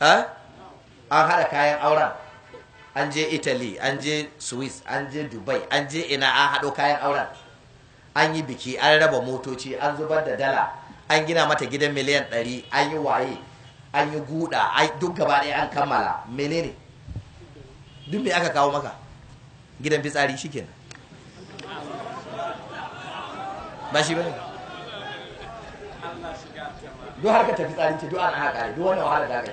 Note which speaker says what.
Speaker 1: ha an haɗa kayan auren an je italy an je swiss an je dubai an je ina an haɗo kayan auren an yi biki an raba motoci an zubar da dala an gina mata gidan miliyan 100 an yi waye an yi guda duk gaba ɗaya an kammala menene duk me aka kawo maka gidan fitsari shikenan ba shi bane
Speaker 2: duk harkar ta fitsari ce duk an haka duk wannan wahala da